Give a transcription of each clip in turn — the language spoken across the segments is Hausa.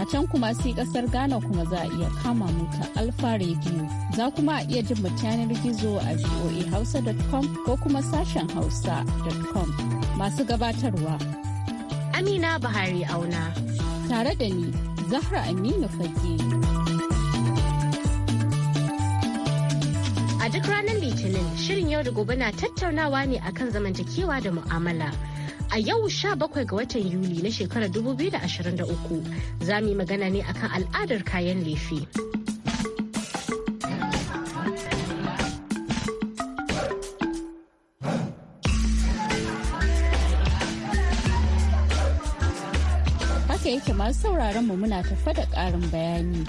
A can kuma sai kasar Ghana kuma za a iya kama mu Alfa Radio. Za kuma a iya jin mu gizo a voahausa.com ko kuma sashen hausa.com. Masu gabatarwa. Amina Buhari Auna. Tare da ni, Zahra Aminu Fage. A duk ranar Litinin, shirin yau da gobe na tattaunawa ne akan zamantakewa da mu'amala. A yau 17 ga watan Yuli na shekarar 2023 za mu yi magana ne akan al'adar kayan lefe. Haka yake masu sauraron mu muna tafa da ƙarin bayani.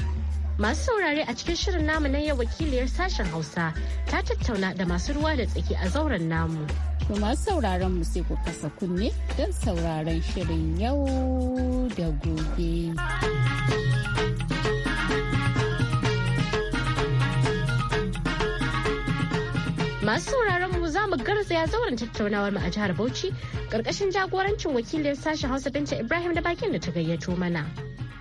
Masu saurare a cikin shirin namu na yau wakiliyar sashen Hausa ta tattauna da masu ruwa da tsaki a zauren namu. To masu sauraron mu sai ku kasa kunne don sauraron shirin yau da gobe. Masu sauraron mu za mu garzaya zauren tattaunawar mu a jihar Bauchi karkashin jagorancin wakilin sashen Hausa Binta Ibrahim da bakin da ta gayyato mana.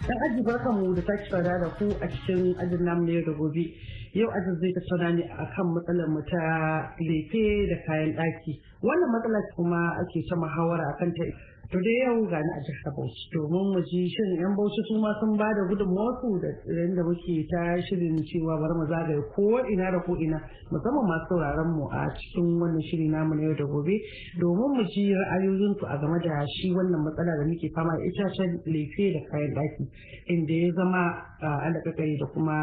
Dan aji barkanmu da sake tsada da ku a cikin ajin namu ne da gobe. yau a zai ta tattauna ne a kan matsalar mu ta lefe da kayan ɗaki wannan matsala kuma ake ta muhawara kan ta to dai yau gani a jihar Bauchi domin mu ji shin yan Bauchi su ma sun ba da gudunmawarsu da da muke ta shirin cewa bari mu zagaye ko ina da ko ina musamman masu sauraron mu a cikin wannan shiri namu na yau da gobe domin mu ji ra'ayoyinsu a game da shi wannan matsala da muke fama da itacen lefe da kayan ɗaki inda ya zama alaƙaƙari da kuma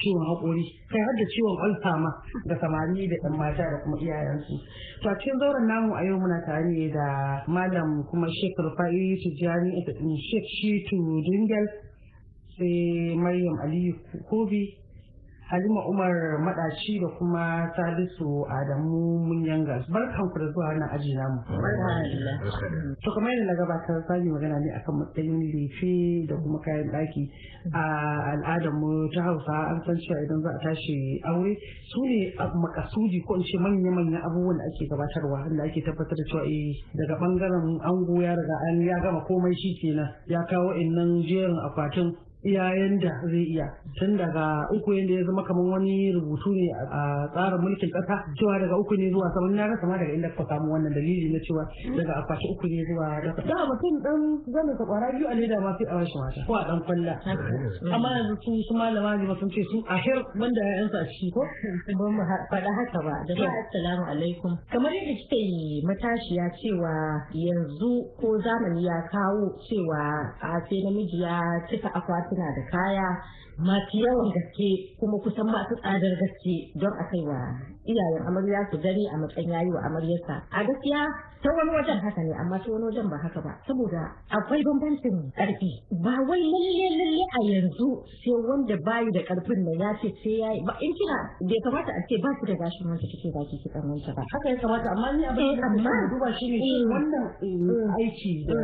ciwon haƙori kai har da ciwon alfa da samari da ɗan mata da kuma iyayensu to a cikin zauren namu a yau muna tare ne da malam kuma sheikh rufa'i tijjani sheikh shitu dingel sai maryam aliyu kobi Halima Umar Madaci da kuma Salisu Adamu Munyanga. Barkan ku da zuwa wannan aji namu. To kamar yadda na gabatar ta sami magana ne akan matsayin lefe da kuma kayan ɗaki a al'adar mu ta Hausa an san cewa idan za a tashi aure su ne makasudi ko ince ce manya-manyan abubuwan da ake gabatarwa da ake tabbatar da cewa eh, daga bangaren ango ya riga an ya gama komai shi kenan ya kawo innan jerin akwatin iyayen da zai iya tun daga uku yadda ya zama kamar wani rubutu ne a tsarin mulkin kasa cewa daga uku ne zuwa sama na rasa ma daga inda kuka samu wannan dalili na cewa daga akwati uku ne zuwa da mutum dan zama ka kwara biyu a leda ma sai a rashin wata ko a dan kwalla amma yanzu su su malama ne ba sun ce su a hir wanda ya yansa a ciki ko ban mu faɗa haka ba da ba assalamu alaikum kamar yadda kike matashiya cewa yanzu ko zamani ya kawo cewa a sai namiji ya cika akwatin suna da kaya masu yawan gaske kuma kusan masu tsadar gaske don a kai wa iyayen amarya su gani a matsayin yayi wa amaryarsa a gaskiya ta wani wajen haka ne amma ta wani wajen ba haka ba saboda akwai bambancin karfi ba wai lalle lalle a yanzu sai wanda bayi da karfin nan ya ce sai yayi ba in kina bai kamata a ce ba su da gashin wanda kike ba ki kan wanda ba haka ya kamata amma ni abin da eh, amma duba ne eh. wannan eh, aiki da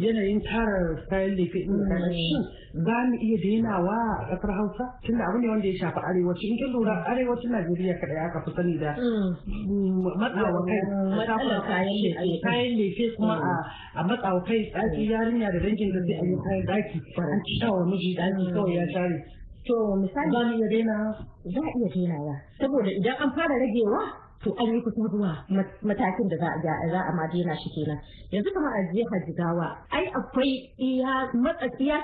yanayin tara kayan lefe din da shin za mu iya dainawa a kasar Hausa tunda abu ne wanda ya shafi arewaci in kin lura arewacin Najeriya kada ya kafa saboda mm. matsawa kai mm. matsawa kayan lefe kuma a matsawa kai tsaki mm. yarinya da dangin da zai a yi kayan daki a ci shawa miji daki kawai ya share to misali za a iya dainawa saboda idan an fara ragewa to an yi kusa zuwa matakin da za a ma daina shi kenan yanzu kamar a jihar jigawa ai akwai iya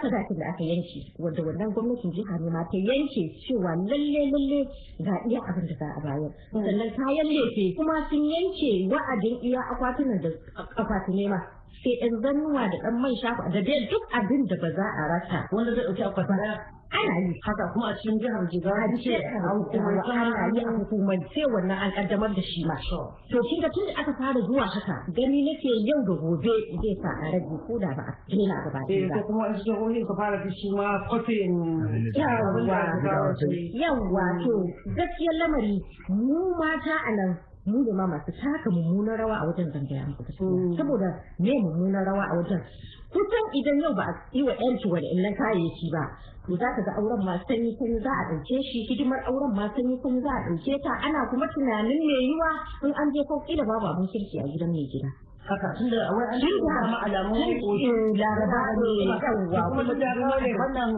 sadakin da aka yanke wanda wannan gwamnatin jiha ne ma ta yanke cewa lalle lalle ga iya abin da za a bayar sannan kayan lefe kuma sun yanke wa'adin iya akwatunan da akwatune ma sai ɗan zannuwa da ɗan man shafa da dai duk abin da ba za a rasa wanda zai ɗauki akwatin. ana yi haka kuma a cikin jihar jigawa a ce a hukumance ana yi a hukumance wannan an kaddamar da shi ma to shi da tun da aka fara zuwa haka gani nake yau da gobe zai sa a rage ko da ba a daina gaba ɗaya ba eh, kuma wasu jihohin ka fara fi shi ma kwafin yawwa yawwa to gaskiyar lamari mu mata a nan mu da ma masu taka mummunan rawa a wajen zangaya muku mm. saboda me mummunan rawa a wajen kusan idan yau ba a yi wa yanci wani illan kayayyaki ba to za ka ga auren ma sanyi sanyi za a ɗauke shi hidimar auren ma sanyi sanyi za a ɗauke ta ana kuma tunanin mai yiwa in an je ko kila babu abin kirki a gidan mai gida haka tun da wai an kuma alamun koshi laraba ne kuma da wannan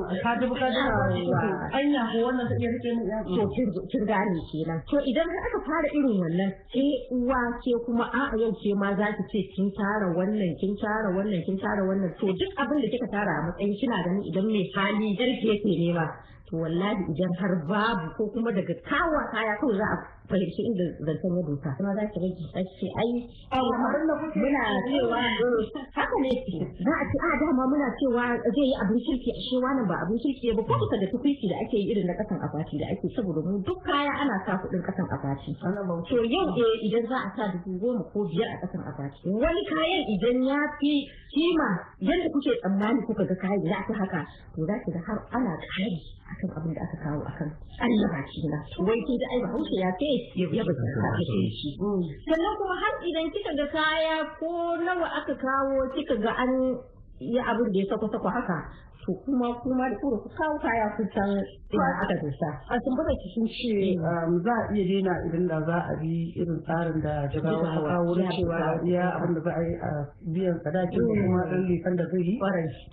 anya ko wannan to kenan to idan aka fara irin wannan ke uwa ke kuma a yau ce ma za ki ce kin tara wannan kin tara wannan kin tara wannan to duk abin da kika tara a matsayin kina ganin idan mai hali yarki yake nema to wallahi idan har babu ko kuma daga kawa kaya kawai za a fahimci inda zancen ya dosa kuma za ki rage a ce ai muna cewa mm. haka ne za a ce a ah, dama muna cewa zai yi abin kirki a shewa nan ba abin kirki ba ko kusa da tukuici da ake yi irin na kasan akwati da ake saboda mu duk kaya ana sa kuɗin kasan akwati to yau eh, idan za a sa dubu goma ko biyar a kasan akwati wani kayan idan ya fi kima yadda kuke tsammani kuka ga kayan za ta haka to za ki ga har ana akan abin da aka kawo akan Allah ba na wai kin ga ai ba ya ce ya mm. sannan kuma har idan kika ga kaya ko nawa aka kawo kika ga an yi abin da ya sako sako haka to kuma kuma da kuma kawo kaya ku san ina aka dosa a sun bada ki sun ce mm. um, za a iya daina idan da za a bi irin tsarin da jagawa ta kawo na cewa iya abin da za a yi a biyan sadakin da kuma mm. ɗan lekan da zai yi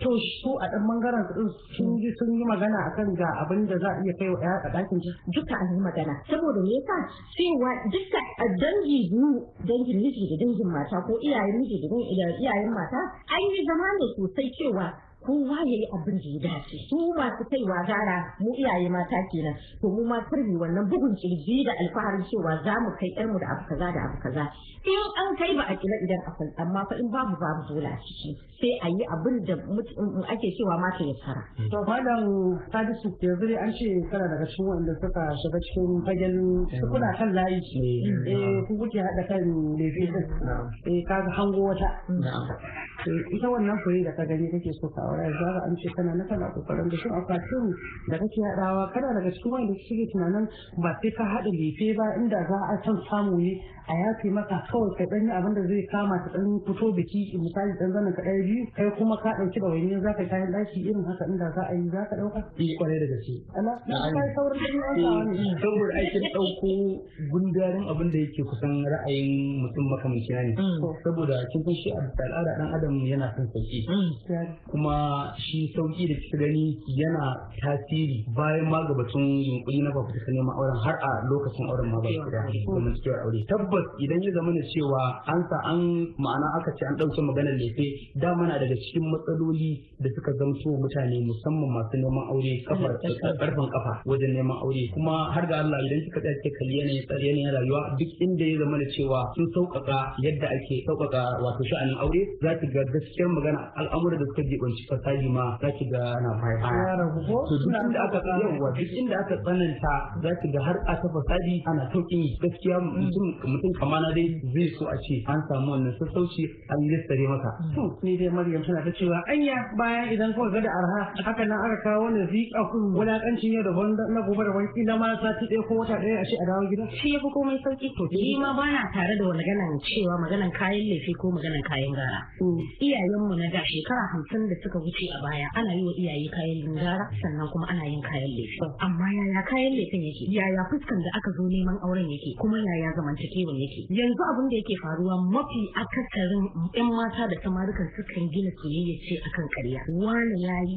to su a ɗan bangaren su sun yi sun yi magana akan ga abin da za a iya kai wa ɗaya sadakin duka an yi magana saboda me yasa cewa duka dangi biyu dangin miji da dangin mata ko iyayen miji da iyayen mata an yi zama da sosai cewa kowa ya yi abin da ya dace su masu kaiwa gara mu iyaye mata kenan to mu ma kirmi wannan bugun kirji da alfaharin cewa za mu kai mu da abu kaza da abu kaza in an kai ba a kila idan akwai amma fa in babu babu dole a ciki sai a yi abin da ake cewa mata ya tsara. to sadi sadisu ke zuri an ce kana daga cikin wanda suka shiga cikin fagen eh, kuna kan layi eh, eh ku kuke hada kan lefe eh ka hango wata eh, ita wannan koyi da ka gani kake so ka zara an ce kana na kana kokarin da shi akwatin da kake haɗawa kana daga cikin wanda suke tunanin ba sai ka haɗa lefe ba inda za a san samu ne a yafe maka kawai ka ɗanyi abin da zai kama ta ɗan fito biki misali ɗan zanen ka ɗaya biyu kai kuma ka ɗauki da wani za ka kayan ɗaki irin haka inda za a yi za ka ɗauka. Eh kwarai da gaske. Ana kai saurin ɗan yawa e, ne. Saboda aikin ɗauko gundarin abin da yake kusan ra'ayin mutum makamancina ne. Mm. Saboda kin san shi al'ada ɗan adam yana son sauki. Mm. Kuma A shi sauki da kika gani yana tasiri bayan ma gabatun yunkuri na babu ta neman auren har a lokacin auren ma ba su da domin cewa aure tabbas idan ya zama cewa an sa an ma'ana aka ce an ɗauke maganar lefe dama na daga cikin matsaloli da suka zamto mutane musamman masu neman aure kafar karfin kafa wajen neman aure kuma har ga Allah idan kika tsaya kalli yanayin yanayin rayuwa duk inda ya zama cewa sun sauƙaƙa yadda ake sauƙaƙa wato sha'anin aure za ki ga gaskiyar magana al'amuran da suka jibanci fasali ma za ki ga ana baya to duk inda aka yawa duk aka tsananta za ki ga har aka fasali ana sauƙin gaskiya mutum mutum kamana dai zai so a ce an samu wannan sassauci an yi lissare maka hmm. to ni dai Maryam tana ta cewa anya bayan idan kuka ga da arha haka nan aka kawo wani zika kun hmm. wulakancin yau da na gobe da wani kila ma sati ɗaya ko wata ɗaya a ce a dawo gida shi fi komai sauki to ni ma bana tare da maganan cewa maganan kayan laifi ko maganan kayan gara hmm. iyayenmu na da shekara hamsin da suka suka wuce a baya ana yi wa iyaye kayan lingara sannan kuma ana yin kayan lefe amma yaya kayan lefen yake yaya fuskan da aka zo neman auren yake kuma yaya zamantakewan yake yanzu abin da yake faruwa mafi akasarin yan mata da samarukan sukan gina soyayya ce akan karya wani yayi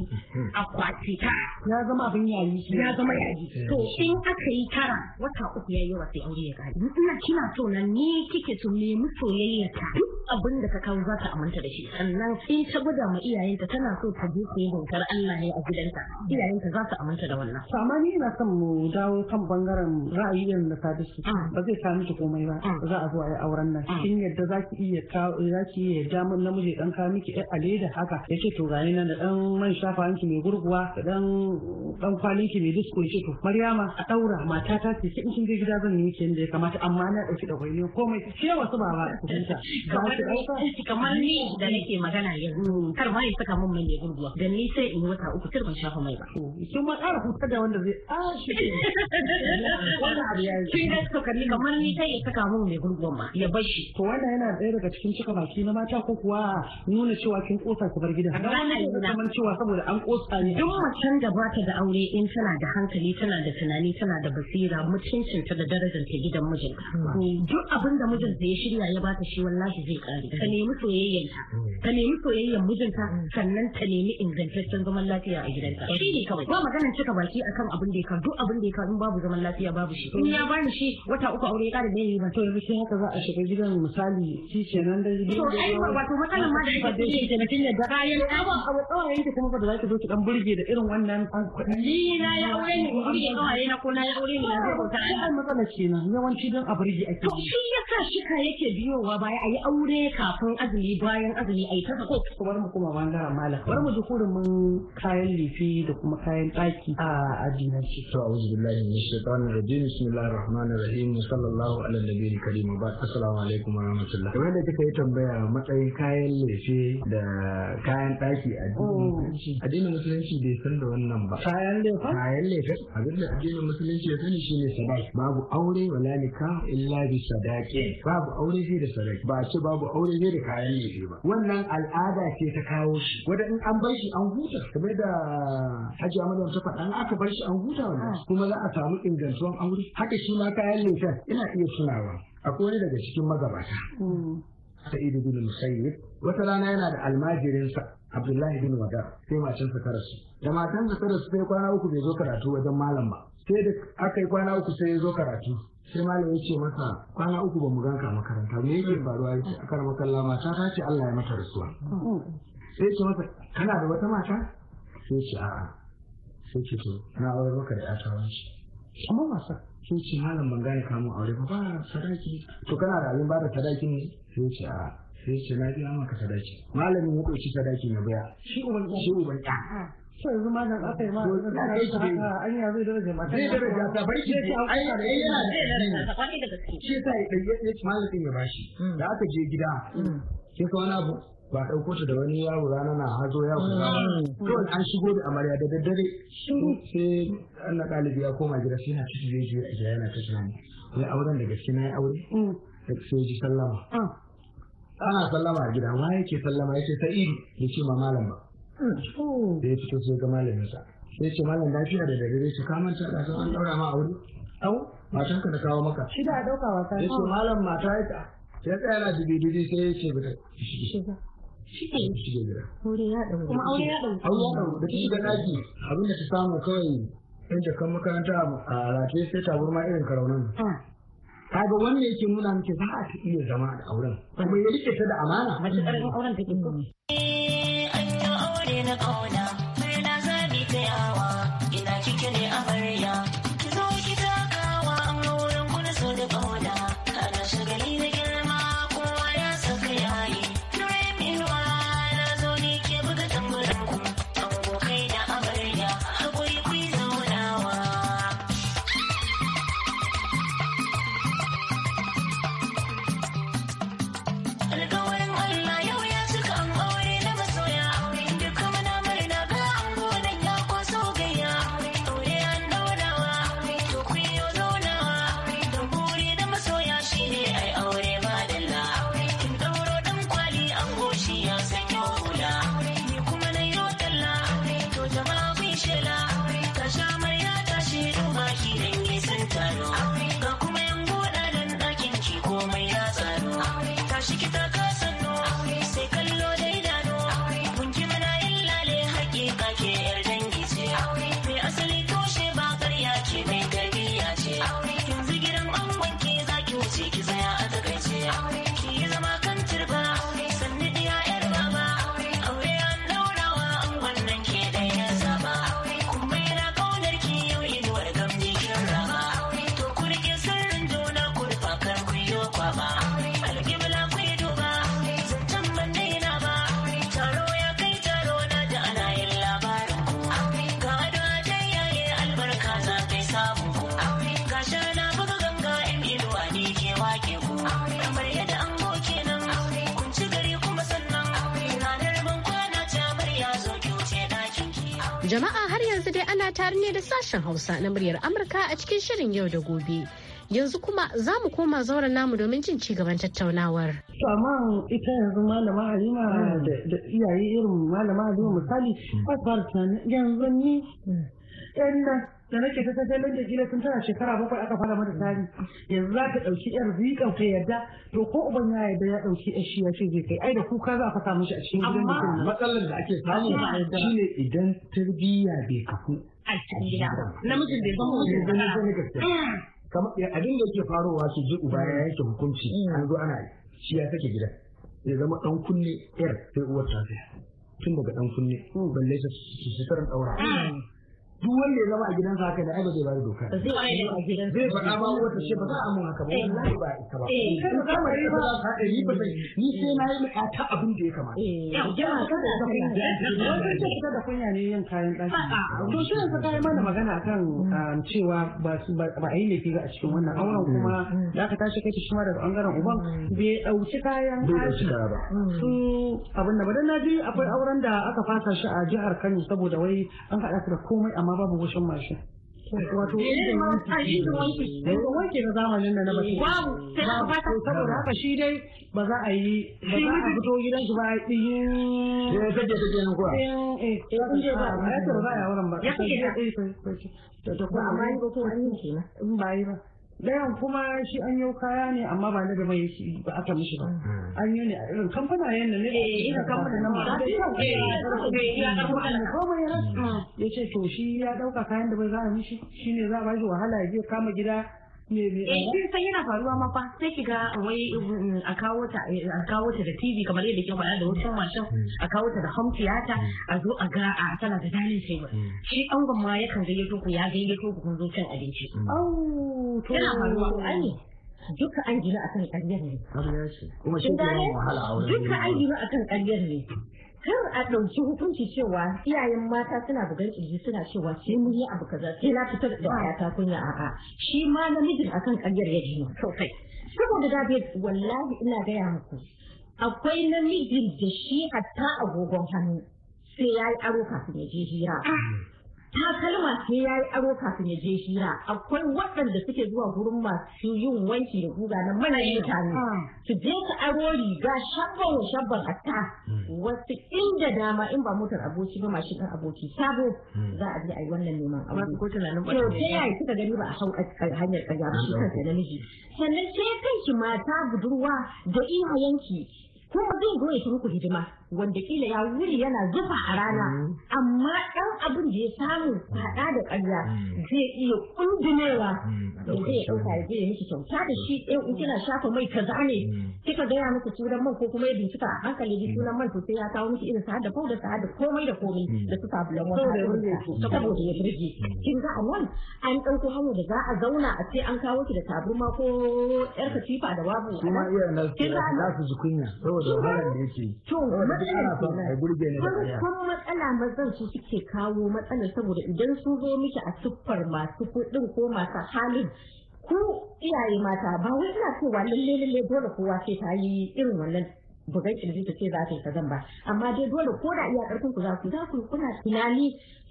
akwati ta ya zama abin yayi ya zama yayi eh. to in aka yi tara wata uku yayi wa sai aure ya kare ina kina so na ni kike so nemi soyayya ta abin da ka kawo za ta aminta da shi sannan in ta gwada ma iyayenta tana so ta je yi bautar Allah ne a gidanta iyayenta za ta aminta da wannan. to amma ni ina son mu dawo kan bangaren ra'ayin da na su mm. ba zai sa ta komai ba mm. za a zo a yi auren nan mm. kin yadda za ki iya za ki iya damar namiji dan kawo miki ale da haka ya ce to gani nan da ɗan man shafa mai gurguwa da ɗan dan kwalin ki mai disko ya ce to Maryama a daura mata ta ce in kin je gida zan yi yadda ya kamata amma na ɗauki da komai ce wasu ba ku kamar ni da nake magana yanzu mm. kar ma ya saka mun mai legun da ni sai in wata uku tur ban shafa mai ba kin ma ƙara fuskar da wanda zai a ah, shi wannan abu ya yi kin ga to kalli kamar ni sai ya saka min mai gurguwan ma ya bar shi to wannan yana ɗaya daga cikin cika baki na mata ko kuwa nuna cewa kin kosa ku bar gidan kamar cewa saboda an kosa ne duk macen da ba ta da aure in tana da hankali tana da tunani tana da basira mutuncinta da darajar ta gidan mijinta mm. duk abin da mijinta ya shirya ya bata shi wallahi zai ka nemi ta ka nemi soyayyar mijinta sannan ta nemi ingantaccen zaman lafiya a gidanka shi ne kawai ba magana cika baki akan abin da ya kan duk abin da ya in babu zaman lafiya babu shi in ya bani shi wata uku aure ya kada da yayi ba to yanzu haka za a shiga gidan misali shi kenan da gidan to ai wato matsalan ma da kake da shi kenan da bayan tsawon abu tsawon yanke kuma ba da zaki zo ki dan burge da irin wannan ni na ya aure ne burge kawai na ko na ya aure ne na zo ko ta ai matsala kenan yawanci dan a burge ake shi yasa ka yake biyowa baya ayi aure aure kafin azumi bayan azumi a yi ta sako. Kuma mu kuma bangaren malaka bar mu ji mun kayan lifi da kuma kayan daki a shi To a'udhu billahi minash shaitanir rajim bismillahir rahmanir rahim sallallahu ala nabiyil karim ba assalamu alaikum wa rahmatullah. Kamar da kika yi tambaya matsayin kayan lifi da kayan daki a addini. Oh. Addinin musulunci bai san da wannan ba. Kayan lifi Kayan lifi Abin da addinin musulunci ya sani shine sadaki. Babu aure wala nikah illa bi sadaqi. Babu aure sai da sadaki. Ba ce babu babu aure ne da kayan lefe ba wannan al'ada ce ta kawo shi wanda in an bar shi an huta kamar da hajji Ahmad ta faɗa aka bar shi an huta wannan kuma za a samu ingantuwan aure haka shi ma kayan lefen ina iya tunawa akwai wani daga cikin magabata mm. sa'id ibn musayyib wata rana yana da almajirinsa abdullahi bin wada sai matansa ta rasu da matansa ta rasu sai kwana uku bai zo karatu wajen malam ba sai da aka yi kwana uku sai ya zo karatu sai malam ya ce masa kwana uku ba mu ganka makaranta me yake faruwa yake a kar makalla mata ta ce Allah ya mata rasuwa sai ya ce masa kana da wata mata sai ya ce a'a sai ce to na aure maka da ƴata wanci amma wasa sai ce malam ban gane kamun aure ba ba sadaki to kana da abin ba da sadakin ne sai ce a sai ce na biya maka sadaki malamin ya ɗauki sadaki na biya shi uban shi uban ɗa ah, sai yanzu ma nan aka yi ma yanzu da kai shi an ya zai daraja mata zai daraja ta bar shi ce ai da yana da shi sai ya ɗaya ce malamin ya bashi hmm. da aka je gida sai hmm. ka wani abu ba ɗauko ta da wani yaro rana na hazo ya kusa hmm. kawai an shigo da amarya da daddare sai an na ɗalibi ya koma gida sai na cikin zai je a yana ta tunani ya auren da gaske na ya aure sai ji sallama ah. ana sallama a gida ma yake sallama ya ce sa'idu ya ce ma malam ba da hmm. ya fito sai ga sa sai ce malam lafiya da dare ka manta ta ɗasa an ɗaura ma aure au matan ka da kawo maka shi da a wa sai ce malam mata ya ta sai tsaya na dubi dubi sai ya ce ke da ta abinda ta samu kawai inda kan makaranta a rataye sai taburma irin karaunan ah. kaga wannan yake nuna miki za a iya zama da auren kuma ya rike ta da amana mace karin auren take ko eh an yi aure na kauna Jama'a har yanzu dai ana tare ne da sashen Hausa na muryar Amurka a cikin shirin yau da gobe. Yanzu kuma za mu koma zauren namu domin jin ci gaban tattaunawar. Saman ita yanzu malama Halima hmm. da iyaye irin malama Halima misali, hmm. ba su fara tunanin yanzu ni 'yan hmm. nan da nake ta tattalin da gila tun tana shekara bakwai aka fara mata tari yanzu za ta ɗauki yar riƙa ta yarda to ko uban ya yarda ya ɗauki yar shi ya ce zai kai ai da kuka za ka samu shi a cikin gidan da kuma matsalar da ake samu shine idan tarbiyya bai kafu a cikin gida namijin bai wajen abin da yake farowa su ji uba ya yanke hukunci an zo ana shi ya sake gida ya zama ɗan kunne yar sai uwar ta tun daga ɗan kunne balle su ɗaura duk wanda ya zama a gidansa haka da ai ba zai bada doka zai faɗa ba wata ce ba za a mun haka ba eh. wallahi ba ita ba eh. kai ba kamar ba ka ɗari ba ni sai na yi ta abin da ya kamata eh. jama'a kada da kunya wannan ce kada da kunya ne yin kayan ɗaki to shi yanzu kai mana magana akan mm. um, cewa ba ba a yi laifi ga a cikin wannan auren mm. kuma mm. da aka tashi kai shi ma daga bangaren uban bai ɗauki kayan ɗaki su abin da ba dan na ji akwai auren da aka fasa shi a jihar Kano saboda wai an haɗa su da komai amma amma babu goshin mashin wato wanke da zamanin da na basu babu saboda haka shi dai ba za a yi ba za a fito gidan shi ba yi ba ya ba wurin ba ya ba yi ba ba yi ba dayan kuma shi an yau kaya ne amma ba na gaba yake ba aka mishi ba hmm. an yi ne a irin kamfana da ne eh, irin kamfana na mata ya ce to shi ya dauka kayan da bai za a mishi shine za a bashi wahala ya je kama gida Eh, sai yana faruwa ma fa sai kiga wai mm, a kawo ta eh, a kawo ta da TV kamar yadda kin faɗa da wucin mashin mm. a kawo ta da home theater mm. a zo a ga a tana da dining table shi angon ma ya kan gayyato ku ya gayyato ku kun zo cin abinci au to yana faruwa ai duka an gina akan ƙaryar ne kuma shi ke wahala a wurin duka an gina akan ƙaryar ne kar a ɗauki hukunci cewa iyayen mata suna bugar ƙirji suna cewa sai mun yi abu kaza sai na fitar da ta kunya a'a shi ma namijin akan ƙaryar ya ji sosai saboda da bai wallahi ina gaya muku akwai namijin da shi hatta agogon hannu sai ya yi aro kafin ya je hira mm. takalma sai ya yi aro kafin ya je hira akwai waɗanda suke zuwa gurin masu yin wanki da guga na manyan mutane ah. su je su aro riga shabban shabban ta hmm. wasu inda dama in ba motar aboki ba mashi ɗan aboki sabo hmm. za a je a yi wannan neman aure ko tunanin ba ta yaya kika gani ba a hau hanyar ƙarya ba shi kansa namiji sannan sai kanki mata budurwa da iyayenki kuma zai zo ya muku hidima wanda kila ya wuri yana zufa a rana mm. amma ɗan abin da ya samu faɗa da ƙarya mm. zai iya kundinewa da mm. zai ya ɗauka ya zai miki kyauta da shi ɗan kina shafa mai kaza ne kika gaya muku sunan man ko kuma ya bincika a hankali da sunan man sosai ya kawo miki irin sa'ad da fau da sa'ad da komai da komai da su sabulan wata saboda ya burge kin ga a nan an ɗauko hanyar da za a zauna a ce an kawo ki da ma ko ƴar katifa da babu kin ga na su ji kunya saboda wahalar da yake duk ana son a gurge ne da kariya matsala mazan su suke kawo matsala saboda idan sun zo miki a siffar masu kuɗin ko masu halin ku iyaye mata ba wai ina cewa lalle lalle dole kowa sai ta yi irin wannan buga kirji ta ce za ta yi kazan ba amma dai dole ko da iya karfin ku za ku za ku kuna tunani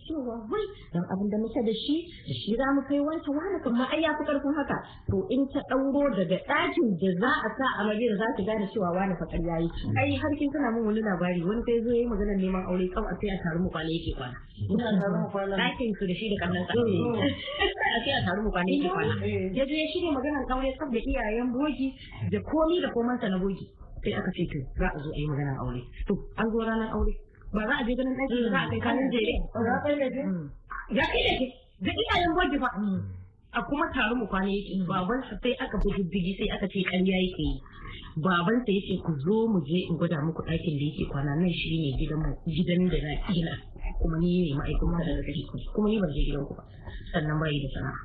cewa wai dan abin da muke da shi da shi za mu kai wancan wani kuma ai ya fi karfin haka to in ta dauro daga ɗakin da za a sa amaryar za ta gane cewa wani fa yayi yi ai har kin kana mun wani labari wani sai zo yayi magana neman aure kawai sai a taru mu kwana yake kwana ina taru mu kwana ɗakin su da shi da kallon sa sai a taru mu kwana yake kwana eh. ya je ya shirya maganar aure tsab da iyayen bogi da komi da komansa na bogi sai aka ce za a zo a yi maganar aure to an zo ranar aure ba za a je ganin aiki za a kai kanin jere mm. ya kai da ke da iyayen gwaji ba mm. a kuma taron mu kwana yake mm. baban sa sai aka fi diddigi sai aka ce ƙarya yake yi baban sa yace ku zo mu je in gwada muku ɗakin da yake kwana nan shi ne gidan gidan da na gina kuma ni ne ma'aikata da na kuma ni ban je gidan ku ba sannan bai da sana'a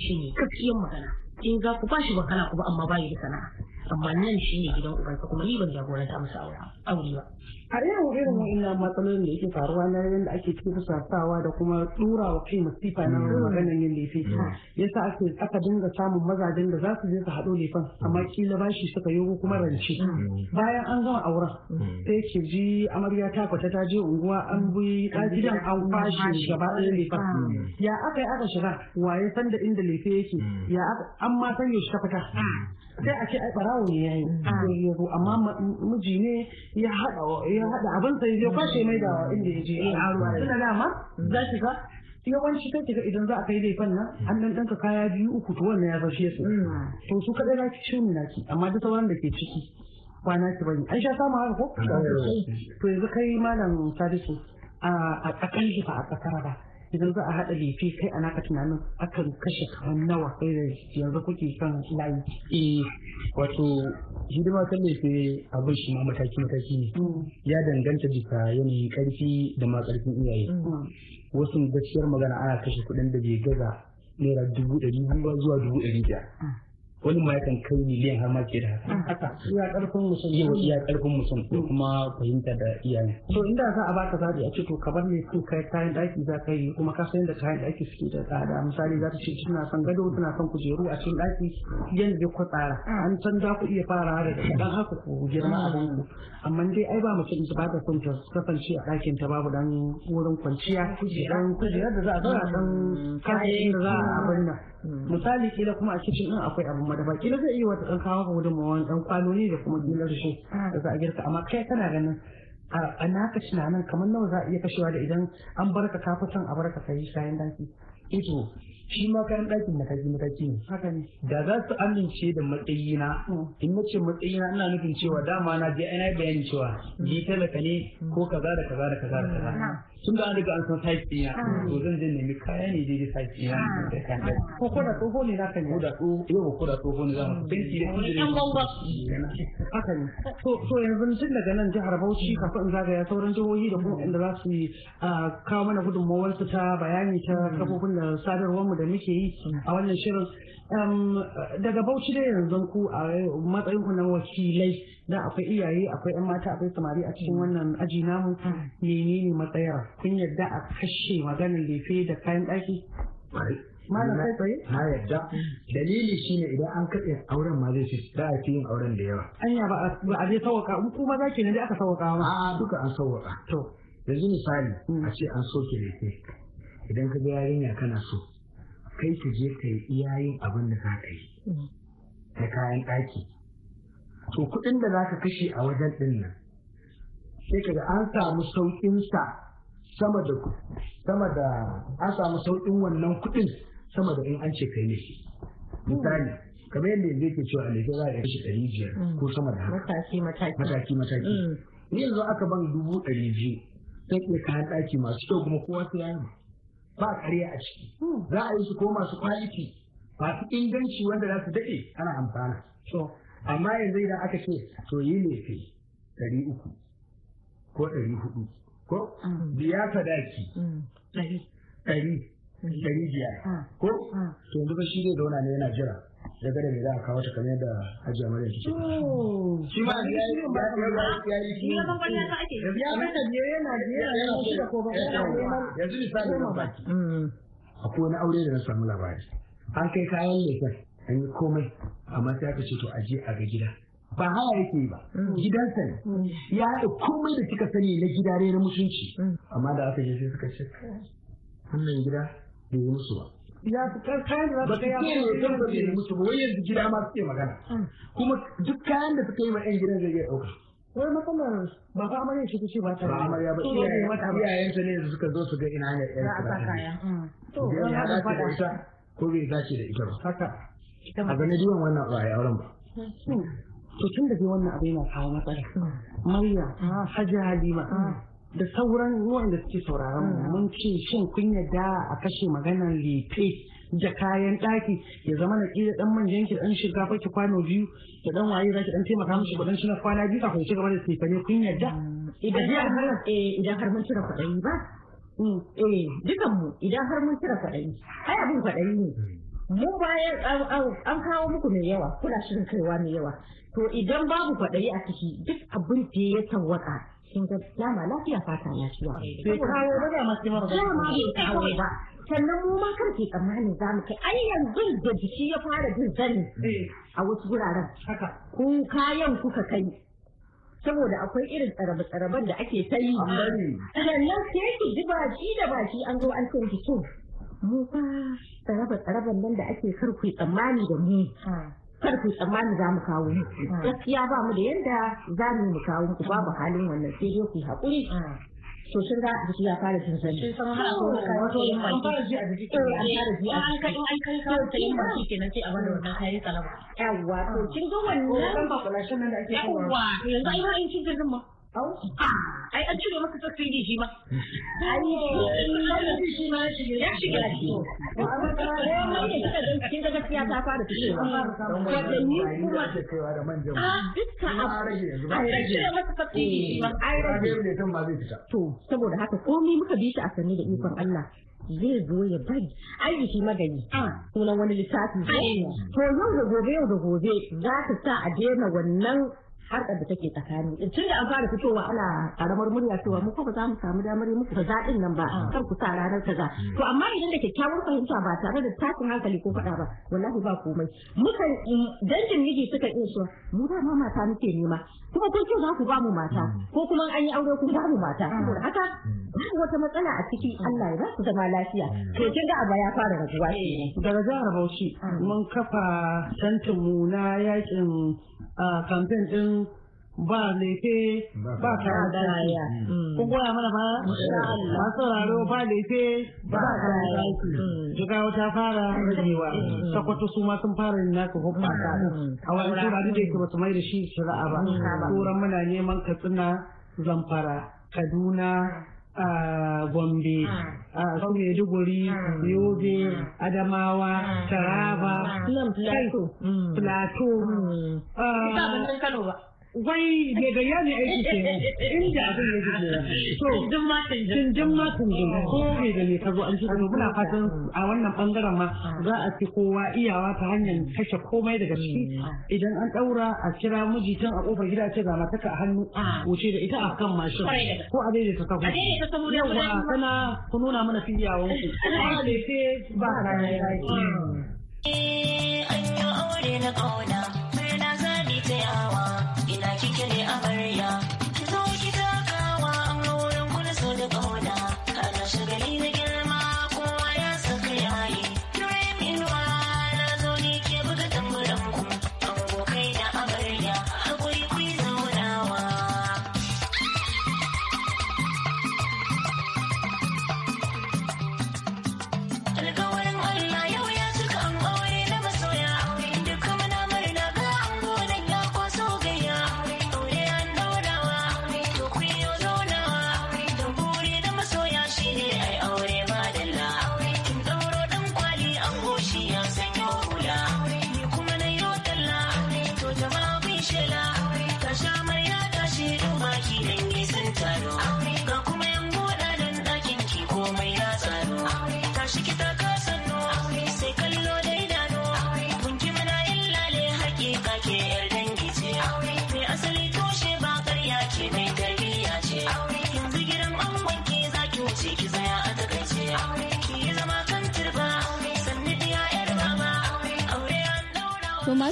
shi ne gaskiyar magana in za ku kana bakala ba amma bai da sana'a amma nan shine gidan ubansa kuma ni ban jagoranta musu aure ba har yau irin wa'annan matsalolin da yake faruwa na yadda ake tursasawa da kuma tura wa kai masifa na mm. maganar yin laifi yasa ake aka dinga samun mazajen da za su je su haɗo laifin amma mm. kila bashi suka yi kuma rance mm. bayan an gama auren sai ke ji amarya ta fita ta je unguwa an bi gidan an kwashe gaba ɗaya laifin ya aka yi aka shiga waye san inda lefe yake ya an ma san yaushe ta fita sai a ce ai barawo ne amma miji ne ya haɗa ya haɗa abin sai ya kwashe mai da inda ya je ya aro tunda dama za ki ga yawanci kai idan za a kai laifin nan an dan danka kaya biyu uku to wannan ya fashe su mm. to su kaɗai na ki shirin na ki amma da sauran da ke ciki kwana ki bane an sha samu haka ko to yanzu kai malam sadisu a ƙasar ba a ƙasar ba idan za a haɗa kai a naka tunanin akan kashe kamar nawa kai da yanzu kuke kan layi. Eh wato hidima ta lefe abin shi ma mataki mataki ne. Mm. Ya danganta bisa yanayin karfi da ma karfin iyaye. Mm. Wasu gaskiyar magana ana kashe kuɗin da bai gaza naira dubu ɗari zuwa dubu ɗari biyar. Mm. wani ma yakan kai miliyan har ma ke da haka ah. iya karfin musulmi. yau iya karfin musulmi. Hmm. kuma fahimta da iyayen to inda za a baka zaɓi a ce to kamar ne su kai kayan ɗaki za ka yi kuma ka san da kayan ɗaki suke da tsada misali za ta ce tana son gado tana son kujeru a cikin ɗaki yan dai ku tsara ah. an san za ku iya fara da dan haka ku girma a ah. ku amma dai ai ba mutum ba ta son ta kasance a dakin ta babu dan wurin kwanciya dan kujerar da za a zauna dan hmm. kayan da za a abin hmm. misali kila kuma a cikin din akwai abu madafa kila zai iya wata ɗan kawo wajen gudunmawa ɗan kwanoni da kuma da shi da za a girka amma kai kana ganin a naka nan kamar nawa za a iya kashewa da idan an bar ka kafa can a barka ka sayi kayan daki. Ito eh shi ma kayan ɗakin da kaji mataki ne. Haka ne. Da za su amince da matsayina mm. in na ce matsayina ina nufin cewa dama na je ana bayani cewa ni talaka ne mm. ko kaza da kaza da kaza da kaza. Mm. tun da an riga an san size ɗina ah. to zan je nemi kaya ne daidai size ɗina ah. da kan da ko ko da tsoho ne za ka yi da tsoho yau ko da tsoho ne za mu tsinki da kuma ɗan gwangwa haka ne to yanzu tun daga nan jihar Bauchi kafin in zagaya sauran jihohi da kuma inda za su yi kawo mana gudunmawar su ta bayani ta hmm. kafofin da sadarwar mu da muke yi a wannan shirin daga bauchi dai yanzu ku a matsayin ku na wakilai da akwai iyaye akwai yan mata akwai samari a cikin wannan aji namu menene matsayar kun yadda a kashe maganar lefe da kayan ɗaki Mana kai tsaye na yadda dalili shine idan an kaɗe auren ma zai za a yin auren da yawa anya ba a je sawaka in kuma za ke ne aka sawaka ma a duka an sawaka to yanzu misali hmm. a ce an soke lefe idan ka ga yarinya kana so kai ki je ka yi yin abin da za ka yi da kayan ɗaki to kuɗin da za ka kashe a wajen ɗin nan sai ka ga an samu sa sama da sama da an samu sauƙin wannan kuɗin sama da in an ce kai ne misali kamar yadda yanzu yake cewa alaikun za a kashe ɗari biyar mm. ko sama da haka mataki mataki mataki mataki mm. yanzu aka ban dubu ɗari biyu sai ke kayan ɗaki masu kyau kuma kowa sai ya yi ba karya a ciki hmm. za a yi su ko masu kwaliti masu inganci wanda za su daɗe ana amfana so amma yanzu idan aka ce to yi ne fi ɗari uku ko ɗari hudu ko hmm. biya sadaki hmm. ɗari ɗari biyar ah. ko ah. to yanzu shi zai zauna ne yana jira daga da za a kawo ta kamar yadda hajiya mara yake cikin shi ma ya yi ba ya ba ya yi shi ya ya ya ba ta yana shi da ko ba yanzu mm. aure da na samu labari an kai kayan lefen an yi komai amma sai aka ce to aje a ga gida ba haya yake ba mm. gidansa ne mm. ya haɗa komai da kika sani na gida na mutunci amma da aka je sai suka ce wannan gida bai yi musu ba ya fitar kayan da za su kai yawon kan da bai mutu ba yanzu gida ma suke magana mm. kuma duk kayan da suka yi ma yan gidan zai iya ɗauka wai matsalar ba fa amarya shi kuce ba ta ba amarya ba iyayen ta ne suka zo su ga ina ne yan ta kaya mm. to ya da fada ko bai dace da ita ba haka a ga najiwan wannan ba ya auren ba mm. to tun da dai wannan abu yana kawo matsala Mariya, Hajji Halima, da sauran wanda suke sauraron mun ce shin kun yadda a kashe maganar lefe da kayan ɗaki ya zama na ƙila ɗan manjan ki ɗan shiga fa ki kwano biyu da ɗan waye za ki ɗan taimaka mishi kuɗin shi na kwana biyu kafin ci gaba da sifane kun yadda. Mm. Eh, idan har mun cire kuɗin ba. Mm, eh dukan mu idan har mun cire kuɗin ai abin kuɗin ne. Mm. Mu bayan an kawo muku mai yawa kuna shirin kaiwa mai yawa to idan babu kwaɗayi a ciki duk abin da ya tawaka. kin ga dama lafiya fata na ciwa eh, bai kawo ba da masu mara ba kawo ba sannan mu ma kan ke tsammani za mu kai ai yanzu da jiki ya fara jin sani eh. a wasu wuraren ku kayan kuka kai saboda akwai irin tsarabe-tsaraben da ake ta yi sannan sai ki ji baki da baki an zo an kai ki mu ba tsarabe-tsaraben nan da ake karku tsammani da mu kar ku tsammani za mu kawo mu gaskiya ba mu da yadda za mu mu kawo ku babu halin wannan sai dai ku haƙuri to sun ga ku ya fara sun sani. Sun sama hana kuma kayan sayin maki. An fara ji a jiki kenan an fara ji a An kai an kai kayan sayin maki kenan sai a bada wannan kayan salama. Yawwa to kin ga wannan. ba kula shan nan da ake Yawwa yanzu ai ma in kin ga ma. ai an cire masa tasiri shi ma shi ma ya shiga ya shiga eh, kin ga gaskiya ta fara fitowa da ni kuma da manjan an ah, cire shi ma ai rage to saboda haka komai muka bi shi a sanni da ikon Allah zai zo ya bari magani ah. sunan wani littafi ko. yau da gobe yau da gobe za ta sa a daina wannan harkar da take tsakani tun da an fara fitowa ana karamar murya cewa mu ko ba za mu samu damar yi muku kaza din nan ba ah. kar ku sa ranar kaza hmm. to amma idan da kyakkyawar fahimta ba tare da tashin hankali ko faɗa ba wallahi ba komai mukan mm, dangin miji suka iya so mu da ma mata muke nema kuma ko ce za ku ba mu mata hmm. ko kuma an yi aure ku ba mu mata hmm. saboda haka wata matsala a ciki Allah ya ba ku zama lafiya to kin ga abaya fara ne. daga jihar Bauchi mun kafa tantin mu na yakin kamfen din ba lefe ba karadaki mm. kun goya mana ba masu sauraro ba lefe ba karadaki mm. jigawa ta fara mm. rajewa sakwato su ma sun fara yin naka hukumata a wani tura duk da yake ba su mai da shi shari'a ba turan muna neman katsina zamfara kaduna a Gombe, mm. a su Maiduguri, mm. Yobe, mm. Adamawa, Taraba, Plateau, Plateau. ba. wai mai bayani aiki ke inda abin ya ji so tunjin ma tunjin ma tunjin oh. ko mai da mai kazo an ci kuma muna ah. fatan a wannan bangaren ma ah. za a ci kowa iyawa ta hanyar kashe komai daga ciki hmm. idan an daura a kira miji can a kofar gida ce ga mataka a hannu wuce ah. da ita a kan mashin ko a daidaita sahu yawa kana ku nuna mana fi ku ba da ba rayuwa eh an yi aure na kauna Yeah.